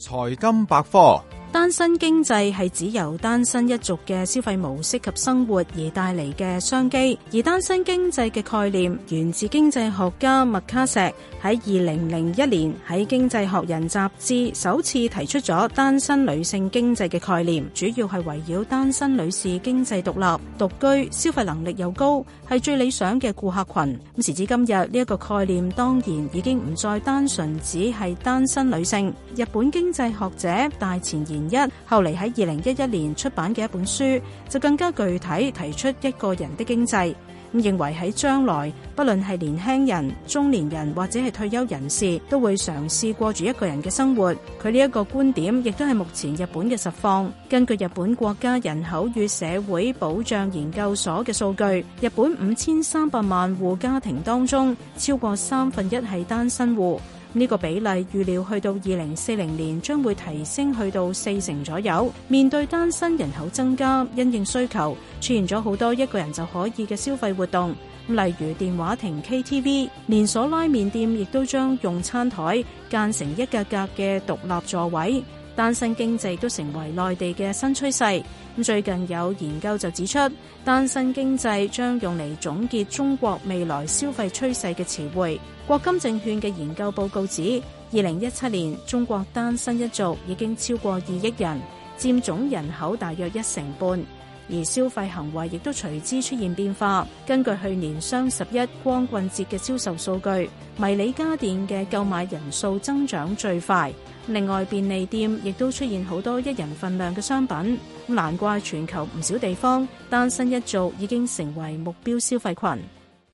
財經百科。單身經濟係指由單身一族嘅消費模式及生活而帶嚟嘅商機，而單身經濟嘅概念源自經濟學家麥卡錫喺二零零一年喺《經濟學人》雜誌首次提出咗單身女性經濟嘅概念，主要係圍繞單身女士經濟獨立、獨居、消費能力又高，係最理想嘅顧客群。咁時至今日呢一，這個概念當然已經唔再單純只係單身女性。日本經濟學者大前研一後嚟，喺二零一一年出版嘅一本書就更加具體提出一個人的經濟，咁認為喺將來不論係年輕人、中年人或者係退休人士都會嘗試過住一個人嘅生活。佢呢一個觀點亦都係目前日本嘅實況。根據日本國家人口與社會保障研究所嘅數據，日本五千三百萬戶家庭當中，超過三分一係單身戶。呢個比例預料去到二零四零年將會提升去到四成左右。面對單身人口增加，因應需求，出現咗好多一個人就可以嘅消費活動，例如電話亭、KTV、連鎖拉麵店，亦都將用餐台間成一格格嘅獨立座位。單身經濟都成為內地嘅新趨勢，咁最近有研究就指出，單身經濟將用嚟總結中國未來消費趨勢嘅詞彙。國金證券嘅研究報告指，二零一七年中國單身一族已經超過二億人，佔總人口大約一成半。而消費行為亦都隨之出現變化。根據去年雙十一光棍節嘅銷售數據，迷你家電嘅購買人數增長最快。另外，便利店亦都出現好多一人份量嘅商品，難怪全球唔少地方單身一族已經成為目標消費群。